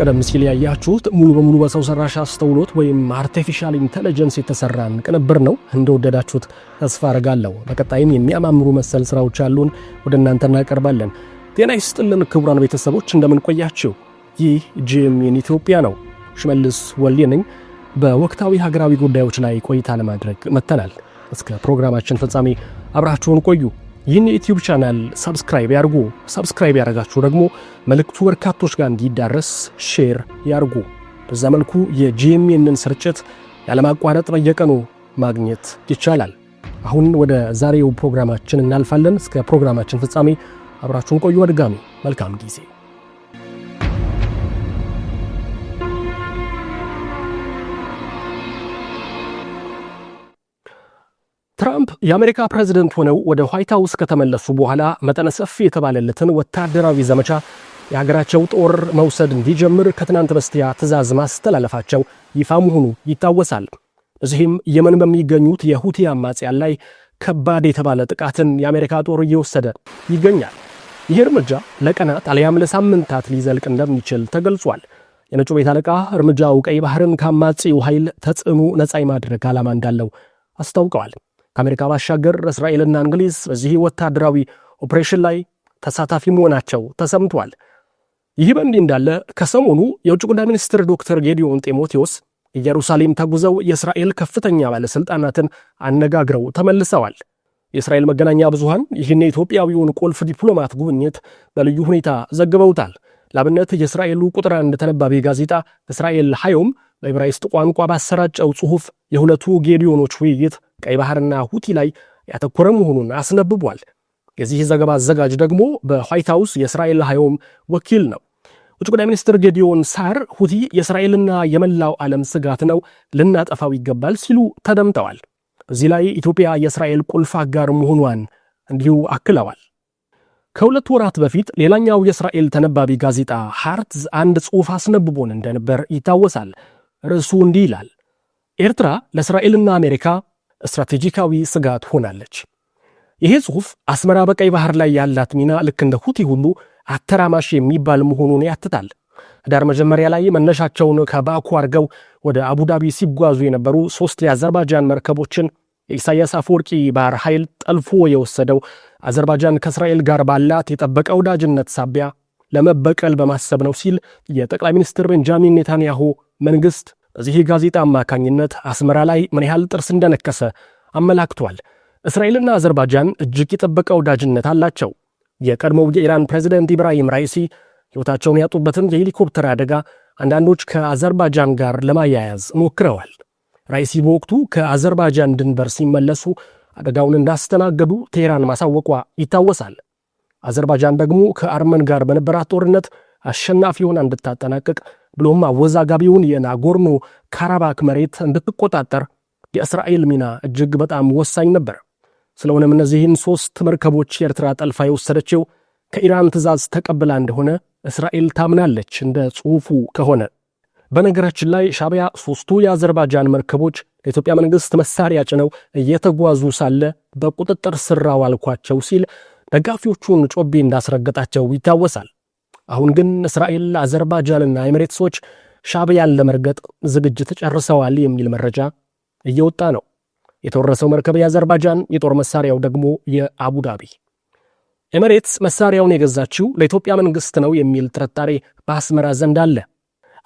ቀደም ሲል ያያችሁት ሙሉ በሙሉ በሰው ሰራሽ አስተውሎት ወይም አርቲፊሻል ኢንተለጀንስ የተሰራን ቅንብር ነው። እንደወደዳችሁት ተስፋ አረጋለሁ። በቀጣይም የሚያማምሩ መሰል ስራዎች አሉን ወደ እናንተ እናቀርባለን። ጤና ይስጥልን ክቡራን ቤተሰቦች እንደምን ቆያችው ይህ ጂኤምኤን ኢትዮጵያ ነው። ሽመልስ ወልዴ ነኝ። በወቅታዊ ሀገራዊ ጉዳዮች ላይ ቆይታ ለማድረግ መጥተናል። እስከ ፕሮግራማችን ፍጻሜ አብራችሁን ቆዩ። ይህን የዩትዩብ ቻናል ሰብስክራይብ ያርጉ። ሰብስክራይብ ያደረጋችሁ ደግሞ መልእክቱ በርካቶች ጋር እንዲዳረስ ሼር ያርጉ። በዛ መልኩ የጂኤምኤንን ስርጭት ያለማቋረጥ በየቀኑ ማግኘት ይቻላል። አሁን ወደ ዛሬው ፕሮግራማችን እናልፋለን። እስከ ፕሮግራማችን ፍጻሜ አብራችሁን ቆዩ። በድጋሚ መልካም ጊዜ ትራምፕ የአሜሪካ ፕሬዝደንት ሆነው ወደ ዋይት ሀውስ ከተመለሱ በኋላ መጠነ ሰፊ የተባለለትን ወታደራዊ ዘመቻ የሀገራቸው ጦር መውሰድ እንዲጀምር ከትናንት በስቲያ ትዕዛዝ ማስተላለፋቸው ይፋ መሆኑ ይታወሳል። እዚህም የመን በሚገኙት የሁቲ አማጽያን ላይ ከባድ የተባለ ጥቃትን የአሜሪካ ጦር እየወሰደ ይገኛል። ይህ እርምጃ ለቀናት አሊያም ለሳምንታት ሊዘልቅ እንደሚችል ተገልጿል። የነጩ ቤት አለቃ እርምጃው ቀይ ባህርን ከአማጺው ኃይል ተጽዕኖ ነጻ የማድረግ ዓላማ እንዳለው አስታውቀዋል። ከአሜሪካ ባሻገር እስራኤልና እንግሊዝ በዚህ ወታደራዊ ኦፕሬሽን ላይ ተሳታፊ መሆናቸው ተሰምቷል። ይህ በእንዲህ እንዳለ ከሰሞኑ የውጭ ጉዳይ ሚኒስትር ዶክተር ጌዲዮን ጢሞቴዎስ ኢየሩሳሌም ተጉዘው የእስራኤል ከፍተኛ ባለሥልጣናትን አነጋግረው ተመልሰዋል። የእስራኤል መገናኛ ብዙሃን ይህን የኢትዮጵያዊውን ቁልፍ ዲፕሎማት ጉብኝት በልዩ ሁኔታ ዘግበውታል። ላብነት የእስራኤሉ ቁጥር አንድ ተነባቢ ጋዜጣ እስራኤል ሀዮም በዕብራይስጥ ቋንቋ ባሰራጨው ጽሑፍ የሁለቱ ጌዲዮኖች ውይይት ቀይ ባህርና ሁቲ ላይ ያተኮረ መሆኑን አስነብቧል። የዚህ ዘገባ አዘጋጅ ደግሞ በዋይት ሀውስ የእስራኤል ሀዮም ወኪል ነው። ውጭ ጉዳይ ሚኒስትር ጌዲዮን ሳር ሁቲ የእስራኤልና የመላው ዓለም ስጋት ነው፣ ልናጠፋው ይገባል ሲሉ ተደምጠዋል። እዚህ ላይ ኢትዮጵያ የእስራኤል ቁልፍ አጋር መሆኗን እንዲሁ አክለዋል። ከሁለት ወራት በፊት ሌላኛው የእስራኤል ተነባቢ ጋዜጣ ሃርትዝ አንድ ጽሑፍ አስነብቦን እንደነበር ይታወሳል። ርዕሱ እንዲህ ይላል ኤርትራ ለእስራኤልና አሜሪካ ስትራቴጂካዊ ስጋት ሆናለች። ይሄ ጽሑፍ አስመራ በቀይ ባህር ላይ ያላት ሚና ልክ እንደ ሁቲ ሁሉ አተራማሽ የሚባል መሆኑን ያትታል። ህዳር መጀመሪያ ላይ መነሻቸውን ከባኩ አድርገው ወደ አቡዳቢ ሲጓዙ የነበሩ ሶስት የአዘርባጃን መርከቦችን የኢሳያስ አፈወርቂ ባህር ኃይል ጠልፎ የወሰደው አዘርባጃን ከእስራኤል ጋር ባላት የጠበቀ ወዳጅነት ሳቢያ ለመበቀል በማሰብ ነው ሲል የጠቅላይ ሚኒስትር ቤንጃሚን ኔታንያሁ መንግስት በዚህ ጋዜጣ አማካኝነት አስመራ ላይ ምን ያህል ጥርስ እንደነከሰ አመላክቷል። እስራኤልና አዘርባጃን እጅግ የጠበቀ ወዳጅነት አላቸው። የቀድሞው የኢራን ፕሬዚደንት ኢብራሂም ራይሲ ሕይወታቸውን ያጡበትን የሄሊኮፕተር አደጋ አንዳንዶች ከአዘርባጃን ጋር ለማያያዝ ሞክረዋል። ራይሲ በወቅቱ ከአዘርባጃን ድንበር ሲመለሱ አደጋውን እንዳስተናገዱ ቴህራን ማሳወቋ ይታወሳል። አዘርባጃን ደግሞ ከአርመን ጋር በነበራት ጦርነት አሸናፊ ሆና እንድታጠናቅቅ ብሎም አወዛጋቢውን የናጎርኖ ካራባክ መሬት እንድትቆጣጠር የእስራኤል ሚና እጅግ በጣም ወሳኝ ነበር። ስለሆነም እነዚህን ሦስት መርከቦች የኤርትራ ጠልፋ የወሰደችው ከኢራን ትዕዛዝ ተቀብላ እንደሆነ እስራኤል ታምናለች፣ እንደ ጽሑፉ ከሆነ። በነገራችን ላይ ሻቢያ ሦስቱ የአዘርባጃን መርከቦች ለኢትዮጵያ መንግሥት መሳሪያ ጭነው እየተጓዙ ሳለ በቁጥጥር ስር አዋልኳቸው ሲል ደጋፊዎቹን ጮቤ እንዳስረገጣቸው ይታወሳል። አሁን ግን እስራኤል፣ አዘርባጃንና ኤሚሬትሶች ሻዕቢያን ለመርገጥ ዝግጅት ጨርሰዋል የሚል መረጃ እየወጣ ነው። የተወረሰው መርከብ የአዘርባጃን፣ የጦር መሳሪያው ደግሞ የአቡዳቢ። ኤሚሬትስ መሳሪያውን የገዛችው ለኢትዮጵያ መንግስት ነው የሚል ጥርጣሬ በአስመራ ዘንድ አለ።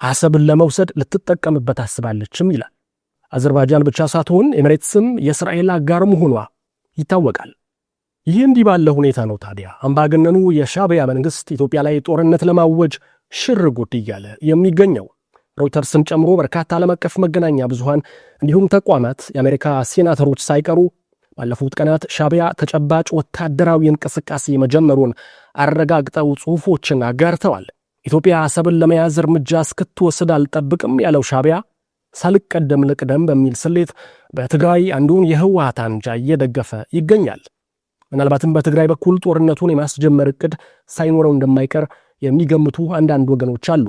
አሰብን ለመውሰድ ልትጠቀምበት አስባለችም ይላል። አዘርባጃን ብቻ ሳትሆን ኤሚሬትስም የእስራኤል አጋር መሆኗ ይታወቃል። ይህ እንዲህ ባለ ሁኔታ ነው ታዲያ አምባገነኑ የሻቢያ መንግስት ኢትዮጵያ ላይ ጦርነት ለማወጅ ሽር ጉድ እያለ የሚገኘው። ሮይተርስን ጨምሮ በርካታ ዓለም አቀፍ መገናኛ ብዙሃን እንዲሁም ተቋማት የአሜሪካ ሴናተሮች ሳይቀሩ ባለፉት ቀናት ሻቢያ ተጨባጭ ወታደራዊ እንቅስቃሴ መጀመሩን አረጋግጠው ጽሑፎችን አጋርተዋል። ኢትዮጵያ አሰብን ለመያዝ እርምጃ እስክትወስድ አልጠብቅም ያለው ሻቢያ ሳልቀደም ልቅደም በሚል ስሌት በትግራይ አንዱን የህወሓት አንጃ እየደገፈ ይገኛል። ምናልባትም በትግራይ በኩል ጦርነቱን የማስጀመር እቅድ ሳይኖረው እንደማይቀር የሚገምቱ አንዳንድ ወገኖች አሉ።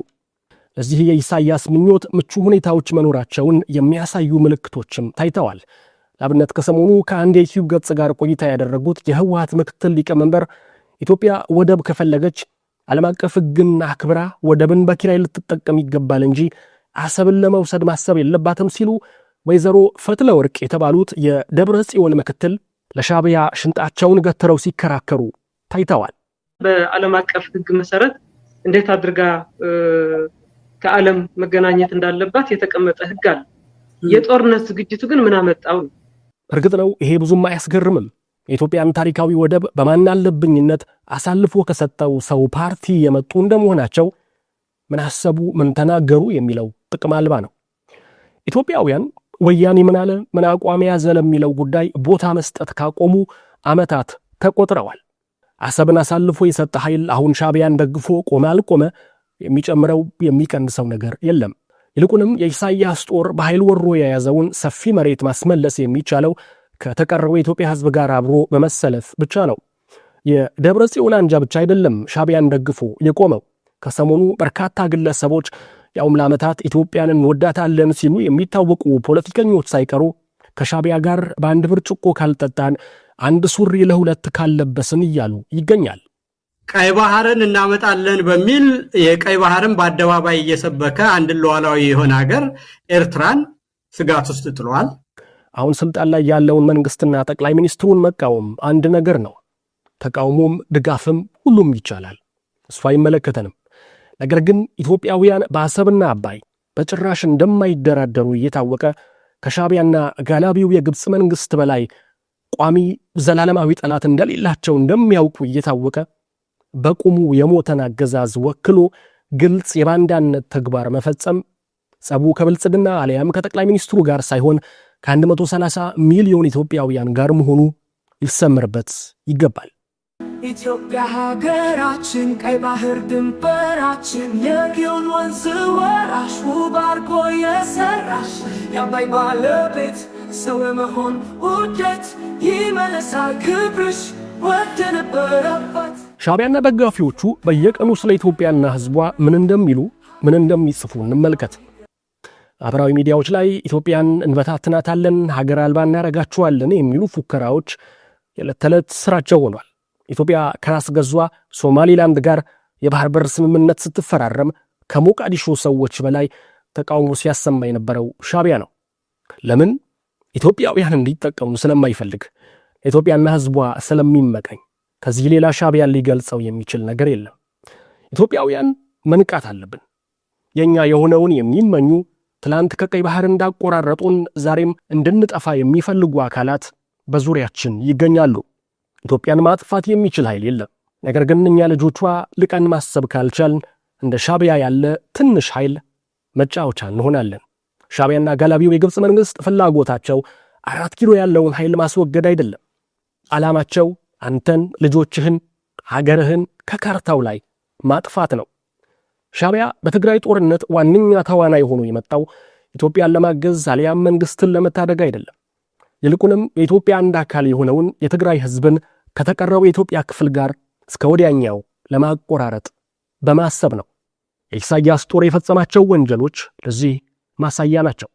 ለዚህ የኢሳያስ ምኞት ምቹ ሁኔታዎች መኖራቸውን የሚያሳዩ ምልክቶችም ታይተዋል። ለአብነት ከሰሞኑ ከአንድ የዩቲዩብ ገጽ ጋር ቆይታ ያደረጉት የህወሀት ምክትል ሊቀመንበር ኢትዮጵያ ወደብ ከፈለገች ዓለም አቀፍ ሕግን አክብራ ወደብን በኪራይ ልትጠቀም ይገባል እንጂ አሰብን ለመውሰድ ማሰብ የለባትም ሲሉ ወይዘሮ ፈትለ ወርቅ የተባሉት የደብረ ጽዮን ምክትል ለሻቢያ ሽንጣቸውን ገትረው ሲከራከሩ ታይተዋል። በዓለም አቀፍ ሕግ መሰረት እንዴት አድርጋ ከዓለም መገናኘት እንዳለባት የተቀመጠ ሕግ አለ። የጦርነት ዝግጅቱ ግን ምን አመጣው? እርግጥ ነው ይሄ ብዙም አያስገርምም። የኢትዮጵያን ታሪካዊ ወደብ በማናለብኝነት አሳልፎ ከሰጠው ሰው ፓርቲ የመጡ እንደመሆናቸው ምን አሰቡ፣ ምን ተናገሩ የሚለው ጥቅም አልባ ነው። ኢትዮጵያውያን ወያኔ ምን አለ ምን አቋም ያዘ ለሚለው ጉዳይ ቦታ መስጠት ካቆሙ ዓመታት ተቆጥረዋል። አሰብን አሳልፎ የሰጠ ኃይል አሁን ሻቢያን ደግፎ ቆመ አልቆመ የሚጨምረው የሚቀንሰው ነገር የለም። ይልቁንም የኢሳይያስ ጦር በኃይል ወሮ የያዘውን ሰፊ መሬት ማስመለስ የሚቻለው ከተቀረው የኢትዮጵያ ሕዝብ ጋር አብሮ በመሰለፍ ብቻ ነው። የደብረ ጽዮን አንጃ ብቻ አይደለም ሻቢያን ደግፎ የቆመው። ከሰሞኑ በርካታ ግለሰቦች ያውም ለዓመታት ኢትዮጵያን እንወዳታለን ሲሉ የሚታወቁ ፖለቲከኞች ሳይቀሩ ከሻቢያ ጋር በአንድ ብርጭቆ ካልጠጣን አንድ ሱሪ ለሁለት ካልለበስን እያሉ ይገኛል። ቀይ ባህርን እናመጣለን በሚል የቀይ ባህርን በአደባባይ እየሰበከ አንድን ሉዓላዊ የሆነ ሀገር ኤርትራን ስጋት ውስጥ ጥሏል። አሁን ስልጣን ላይ ያለውን መንግስትና ጠቅላይ ሚኒስትሩን መቃወም አንድ ነገር ነው። ተቃውሞም ድጋፍም ሁሉም ይቻላል። እሱ አይመለከተንም። ነገር ግን ኢትዮጵያውያን በአሰብና አባይ በጭራሽ እንደማይደራደሩ እየታወቀ ከሻቢያና ጋላቢው የግብፅ መንግሥት በላይ ቋሚ ዘላለማዊ ጠላት እንደሌላቸው እንደሚያውቁ እየታወቀ በቁሙ የሞተን አገዛዝ ወክሎ ግልጽ የባንዳነት ተግባር መፈጸም ጸቡ ከብልጽግና አሊያም ከጠቅላይ ሚኒስትሩ ጋር ሳይሆን ከ130 ሚሊዮን ኢትዮጵያውያን ጋር መሆኑ ሊሰምርበት ይገባል። ኢትዮጵያ ሀገራችን ቀይ ባህር ድንበራችን የጊዮን ወንዝ ወራሽ ውብ አርጎ የሰራሽ የአባይ ባለቤት ሰው የመሆን ውደት ይመለሳል ክብርሽ ወደ ነበረበት። ሻዕቢያና ደጋፊዎቹ በየቀኑ ስለ ኢትዮጵያና ህዝቧ ምን እንደሚሉ ምን እንደሚጽፉ እንመልከት። ማህበራዊ ሚዲያዎች ላይ ኢትዮጵያን እንበታትናታለን፣ ሀገር አልባ እናደርጋችኋለን የሚሉ ፉከራዎች የዕለት ተዕለት ስራቸው ሆኗል። ኢትዮጵያ ከራስ ገዟ ሶማሊላንድ ጋር የባህር በር ስምምነት ስትፈራረም ከሞቃዲሾ ሰዎች በላይ ተቃውሞ ሲያሰማ የነበረው ሻቢያ ነው። ለምን? ኢትዮጵያውያን እንዲጠቀሙ ስለማይፈልግ ኢትዮጵያና ሕዝቧ ስለሚመቀኝ። ከዚህ ሌላ ሻቢያ ሊገልጸው የሚችል ነገር የለም። ኢትዮጵያውያን መንቃት አለብን። የእኛ የሆነውን የሚመኙ ትላንት ከቀይ ባህር እንዳቆራረጡን ዛሬም እንድንጠፋ የሚፈልጉ አካላት በዙሪያችን ይገኛሉ። ኢትዮጵያን ማጥፋት የሚችል ኃይል የለም። ነገር ግን እኛ ልጆቿ ልቀን ማሰብ ካልቻልን እንደ ሻቢያ ያለ ትንሽ ኃይል መጫወቻ እንሆናለን። ሻቢያና ጋላቢው የግብፅ መንግሥት ፍላጎታቸው አራት ኪሎ ያለውን ኃይል ማስወገድ አይደለም። ዓላማቸው አንተን፣ ልጆችህን፣ ሀገርህን ከካርታው ላይ ማጥፋት ነው። ሻቢያ በትግራይ ጦርነት ዋነኛ ተዋናይ ሆኖ የመጣው ኢትዮጵያን ለማገዝ አሊያም መንግሥትን ለመታደግ አይደለም። ይልቁንም የኢትዮጵያ አንድ አካል የሆነውን የትግራይ ህዝብን ከተቀረው የኢትዮጵያ ክፍል ጋር እስከ ወዲያኛው ለማቆራረጥ በማሰብ ነው። የኢሳያስ ጦር የፈጸማቸው ወንጀሎች ለዚህ ማሳያ ናቸው።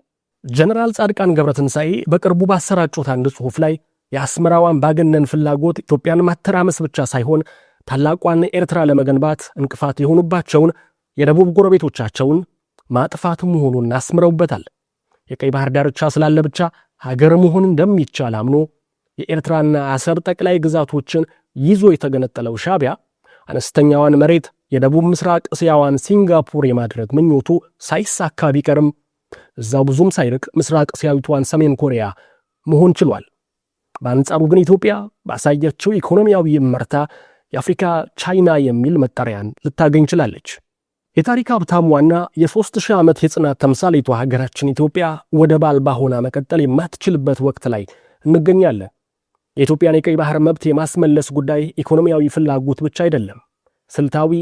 ጀነራል ጻድቃን ገብረትንሳኤ በቅርቡ ባሰራጩት አንድ ጽሑፍ ላይ የአስመራው አምባገነን ፍላጎት ኢትዮጵያን ማተራመስ ብቻ ሳይሆን ታላቋን ኤርትራ ለመገንባት እንቅፋት የሆኑባቸውን የደቡብ ጎረቤቶቻቸውን ማጥፋት መሆኑን አስምረውበታል። የቀይ ባህር ዳርቻ ስላለ ብቻ ሀገር መሆን እንደሚቻል አምኖ የኤርትራና አሰብ ጠቅላይ ግዛቶችን ይዞ የተገነጠለው ሻቢያ አነስተኛዋን መሬት የደቡብ ምስራቅ እስያዋን ሲንጋፖር የማድረግ ምኞቱ ሳይሳካ ቢቀርም እዛው ብዙም ሳይርቅ ምስራቅ እስያዊቷን ሰሜን ኮሪያ መሆን ችሏል። በአንጻሩ ግን ኢትዮጵያ ባሳየችው ኢኮኖሚያዊ መርታ የአፍሪካ ቻይና የሚል መጠሪያን ልታገኝ ችላለች። የታሪክ ሀብታም ዋና የሦስት ሺህ ዓመት የጽናት ተምሳሌቷ ሀገራችን ኢትዮጵያ ወደብ አልባ ሆና መቀጠል የማትችልበት ወቅት ላይ እንገኛለን። የኢትዮጵያን የቀይ ባህር መብት የማስመለስ ጉዳይ ኢኮኖሚያዊ ፍላጎት ብቻ አይደለም፣ ስልታዊ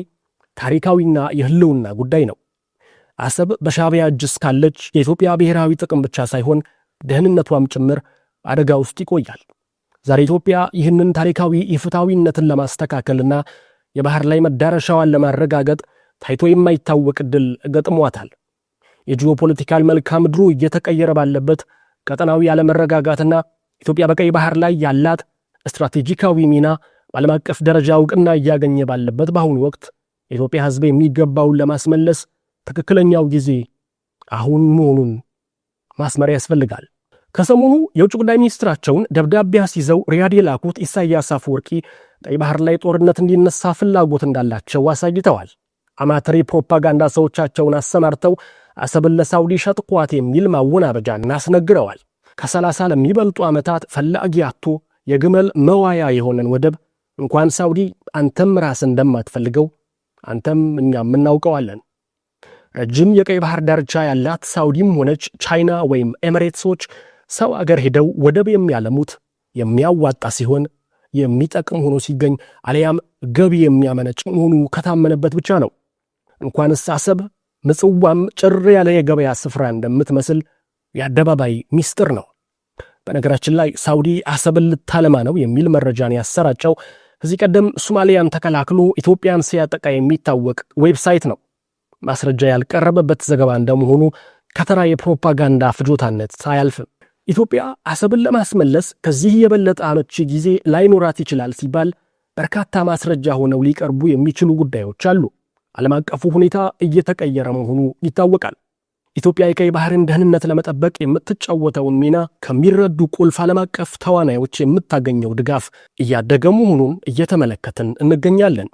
ታሪካዊና የህልውና ጉዳይ ነው። አሰብ በሻቢያ እጅ እስካለች የኢትዮጵያ ብሔራዊ ጥቅም ብቻ ሳይሆን ደህንነቷም ጭምር አደጋ ውስጥ ይቆያል። ዛሬ ኢትዮጵያ ይህንን ታሪካዊ የፍትሐዊነትን ለማስተካከልና የባህር ላይ መዳረሻዋን ለማረጋገጥ ታይቶ የማይታወቅ ድል ገጥሟታል። የጂኦፖለቲካል መልክዓ ምድሩ እየተቀየረ ባለበት ቀጠናዊ ያለመረጋጋትና ኢትዮጵያ በቀይ ባህር ላይ ያላት ስትራቴጂካዊ ሚና በዓለም አቀፍ ደረጃ እውቅና እያገኘ ባለበት በአሁኑ ወቅት የኢትዮጵያ ሕዝብ የሚገባውን ለማስመለስ ትክክለኛው ጊዜ አሁን መሆኑን ማስመር ያስፈልጋል። ከሰሞኑ የውጭ ጉዳይ ሚኒስትራቸውን ደብዳቤ አስይዘው ሪያድ የላኩት ኢሳያስ አፈወርቂ ቀይ ባህር ላይ ጦርነት እንዲነሳ ፍላጎት እንዳላቸው አሳይተዋል። አማተሪ ፕሮፓጋንዳ ሰዎቻቸውን አሰማርተው አሰብን ለሳውዲ ሸጥኳት የሚል ማወናበጃ እናስነግረዋል። ከሰላሳ ለሚበልጡ ዓመታት ፈላጊ አቶ የግመል መዋያ የሆነን ወደብ እንኳን ሳውዲ አንተም ራስ እንደማትፈልገው አንተም እኛም እናውቀዋለን። ረጅም የቀይ ባህር ዳርቻ ያላት ሳውዲም ሆነች ቻይና ወይም ኤሚሬትሶች ሰው አገር ሄደው ወደብ የሚያለሙት የሚያዋጣ ሲሆን የሚጠቅም ሆኖ ሲገኝ አሊያም ገቢ የሚያመነጭ መሆኑ ከታመነበት ብቻ ነው። እንኳንስ አሰብ ምጽዋም ጭር ያለ የገበያ ስፍራ እንደምትመስል የአደባባይ ሚስጥር ነው። በነገራችን ላይ ሳውዲ አሰብን ልታለማ ነው የሚል መረጃን ያሰራጨው ከዚህ ቀደም ሱማሊያን ተከላክሎ ኢትዮጵያን ሲያጠቃ የሚታወቅ ዌብሳይት ነው። ማስረጃ ያልቀረበበት ዘገባ እንደመሆኑ ከተራ የፕሮፓጋንዳ ፍጆታነት አያልፍም። ኢትዮጵያ አሰብን ለማስመለስ ከዚህ የበለጠ አመቺ ጊዜ ላይኖራት ይችላል ሲባል በርካታ ማስረጃ ሆነው ሊቀርቡ የሚችሉ ጉዳዮች አሉ። ዓለም አቀፉ ሁኔታ እየተቀየረ መሆኑ ይታወቃል። ኢትዮጵያ የቀይ ባህርን ደህንነት ለመጠበቅ የምትጫወተውን ሚና ከሚረዱ ቁልፍ ዓለም አቀፍ ተዋናዮች የምታገኘው ድጋፍ እያደገ መሆኑን እየተመለከትን እንገኛለን።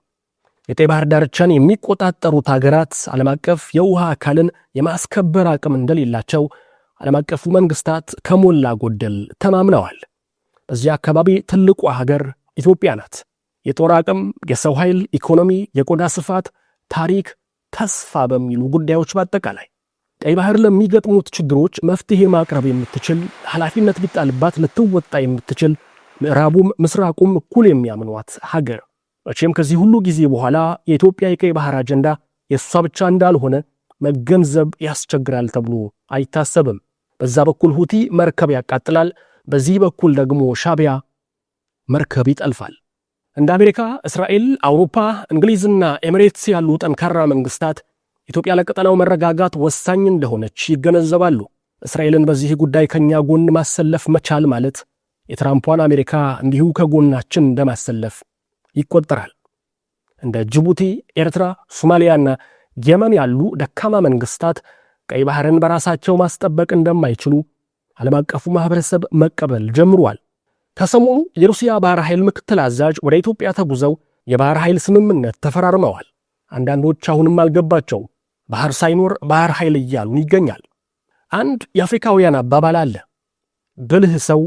የቀይ ባህር ዳርቻን የሚቆጣጠሩት ሀገራት ዓለም አቀፍ የውሃ አካልን የማስከበር አቅም እንደሌላቸው ዓለም አቀፉ መንግስታት ከሞላ ጎደል ተማምነዋል። በዚህ አካባቢ ትልቋ ሀገር ኢትዮጵያ ናት። የጦር አቅም፣ የሰው ኃይል፣ ኢኮኖሚ፣ የቆዳ ስፋት ታሪክ፣ ተስፋ በሚሉ ጉዳዮች በአጠቃላይ ቀይ ባህር ለሚገጥሙት ችግሮች መፍትሄ ማቅረብ የምትችል ኃላፊነት ቢጣልባት ልትወጣ የምትችል ምዕራቡም ምስራቁም እኩል የሚያምኗት ሀገር መቼም ከዚህ ሁሉ ጊዜ በኋላ የኢትዮጵያ የቀይ ባህር አጀንዳ የእሷ ብቻ እንዳልሆነ መገንዘብ ያስቸግራል ተብሎ አይታሰብም። በዛ በኩል ሁቲ መርከብ ያቃጥላል፣ በዚህ በኩል ደግሞ ሻቢያ መርከብ ይጠልፋል። እንደ አሜሪካ፣ እስራኤል፣ አውሮፓ፣ እንግሊዝና ኤሚሬትስ ያሉ ጠንካራ መንግስታት ኢትዮጵያ ለቀጠናው መረጋጋት ወሳኝ እንደሆነች ይገነዘባሉ። እስራኤልን በዚህ ጉዳይ ከኛ ጎን ማሰለፍ መቻል ማለት የትራምፕዋን አሜሪካ እንዲሁ ከጎናችን እንደማሰለፍ ይቆጠራል። እንደ ጅቡቲ፣ ኤርትራ፣ ሶማሊያና የመን ያሉ ደካማ መንግስታት ቀይ ባህርን በራሳቸው ማስጠበቅ እንደማይችሉ ዓለም አቀፉ ማህበረሰብ መቀበል ጀምሯል። ከሰሞኑ የሩሲያ ባህር ኃይል ምክትል አዛዥ ወደ ኢትዮጵያ ተጉዘው የባህር ኃይል ስምምነት ተፈራርመዋል። አንዳንዶች አሁንም አልገባቸውም። ባህር ሳይኖር ባህር ኃይል እያሉን ይገኛል። አንድ የአፍሪካውያን አባባል አለ፣ ብልህ ሰው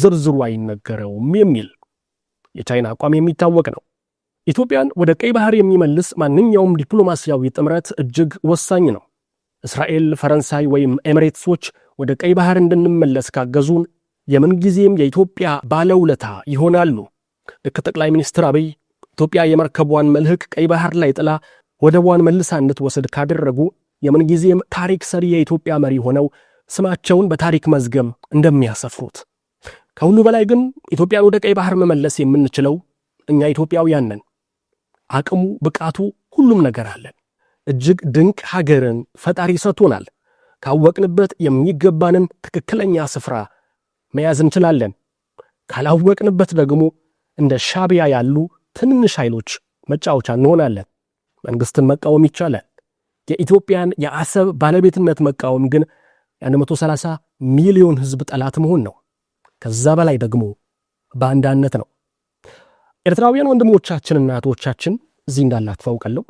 ዝርዝሩ አይነገረውም የሚል የቻይና አቋም የሚታወቅ ነው። ኢትዮጵያን ወደ ቀይ ባህር የሚመልስ ማንኛውም ዲፕሎማሲያዊ ጥምረት እጅግ ወሳኝ ነው። እስራኤል፣ ፈረንሳይ ወይም ኤምሬትሶች ወደ ቀይ ባህር እንድንመለስ ካገዙን የምንጊዜም የኢትዮጵያ ባለውለታ ይሆናሉ። ልክ ጠቅላይ ሚኒስትር አብይ ኢትዮጵያ የመርከቧን መልህቅ ቀይ ባህር ላይ ጥላ ወደቧን መልሳ እንድትወስድ ካደረጉ የምንጊዜም ታሪክ ሰሪ የኢትዮጵያ መሪ ሆነው ስማቸውን በታሪክ መዝገም እንደሚያሰፍሩት ከሁሉ በላይ ግን ኢትዮጵያን ወደ ቀይ ባህር መመለስ የምንችለው እኛ ኢትዮጵያውያን ነን። አቅሙ፣ ብቃቱ፣ ሁሉም ነገር አለን። እጅግ ድንቅ ሀገርን ፈጣሪ ሰጥቶናል። ካወቅንበት የሚገባንን ትክክለኛ ስፍራ መያዝ እንችላለን። ካላወቅንበት ደግሞ እንደ ሻቢያ ያሉ ትንንሽ ኃይሎች መጫወቻ እንሆናለን። መንግስትን መቃወም ይቻላል። የኢትዮጵያን የአሰብ ባለቤትነት መቃወም ግን የ130 ሚሊዮን ህዝብ ጠላት መሆን ነው። ከዛ በላይ ደግሞ ባንዳነት ነው። ኤርትራውያን ወንድሞቻችን እናቶቻችን እዚህ እንዳላትፈውቀለው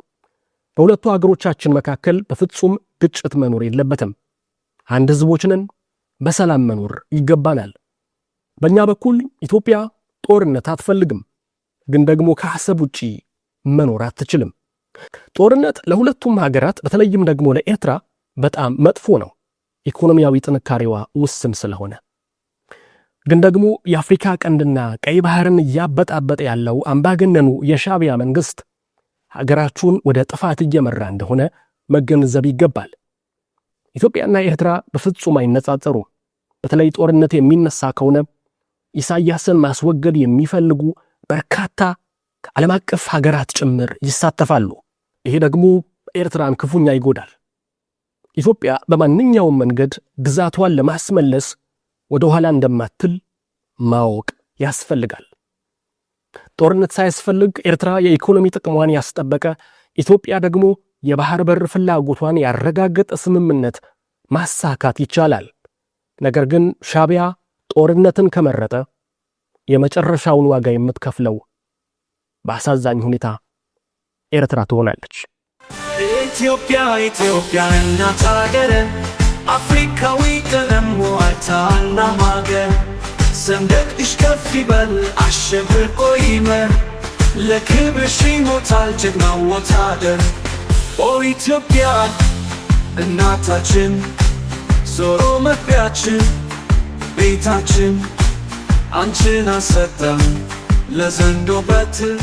በሁለቱ አገሮቻችን መካከል በፍጹም ግጭት መኖር የለበትም። አንድ ህዝቦች ነን። በሰላም መኖር ይገባናል። በእኛ በኩል ኢትዮጵያ ጦርነት አትፈልግም፣ ግን ደግሞ ከሐሰብ ውጪ መኖር አትችልም። ጦርነት ለሁለቱም ሀገራት በተለይም ደግሞ ለኤርትራ በጣም መጥፎ ነው፣ ኢኮኖሚያዊ ጥንካሬዋ ውስን ስለሆነ። ግን ደግሞ የአፍሪካ ቀንድና ቀይ ባህርን እያበጣበጠ ያለው አምባገነኑ የሻቢያ መንግስት ሀገራችሁን ወደ ጥፋት እየመራ እንደሆነ መገንዘብ ይገባል። ኢትዮጵያና ኤርትራ በፍጹም አይነጻጸሩ። በተለይ ጦርነት የሚነሳ ከሆነ ኢሳያስን ማስወገድ የሚፈልጉ በርካታ ከዓለም አቀፍ ሀገራት ጭምር ይሳተፋሉ። ይሄ ደግሞ ኤርትራን ክፉኛ ይጎዳል። ኢትዮጵያ በማንኛውም መንገድ ግዛቷን ለማስመለስ ወደ ኋላ እንደማትል ማወቅ ያስፈልጋል። ጦርነት ሳያስፈልግ ኤርትራ የኢኮኖሚ ጥቅሟን ያስጠበቀ ኢትዮጵያ ደግሞ የባህር በር ፍላጎቷን ያረጋገጠ ስምምነት ማሳካት ይቻላል። ነገር ግን ሻቢያ ጦርነትን ከመረጠ የመጨረሻውን ዋጋ የምትከፍለው በአሳዛኝ ሁኔታ ኤርትራ ትሆናለች። ኢትዮጵያ ኢትዮጵያ እናት አገር አፍሪካዊ ቀለሙ አታላም አገር ሰንደቅሽ ከፍ ይበል አሸብር ቆይመ ለክብርሽ ይሞታል ጀግናው ወታደር ኦ ኢትዮጵያ እናታችን ዞሮ መግቢያችን ቤታችን አንቺን አሰጠን ለዘንዶ በትር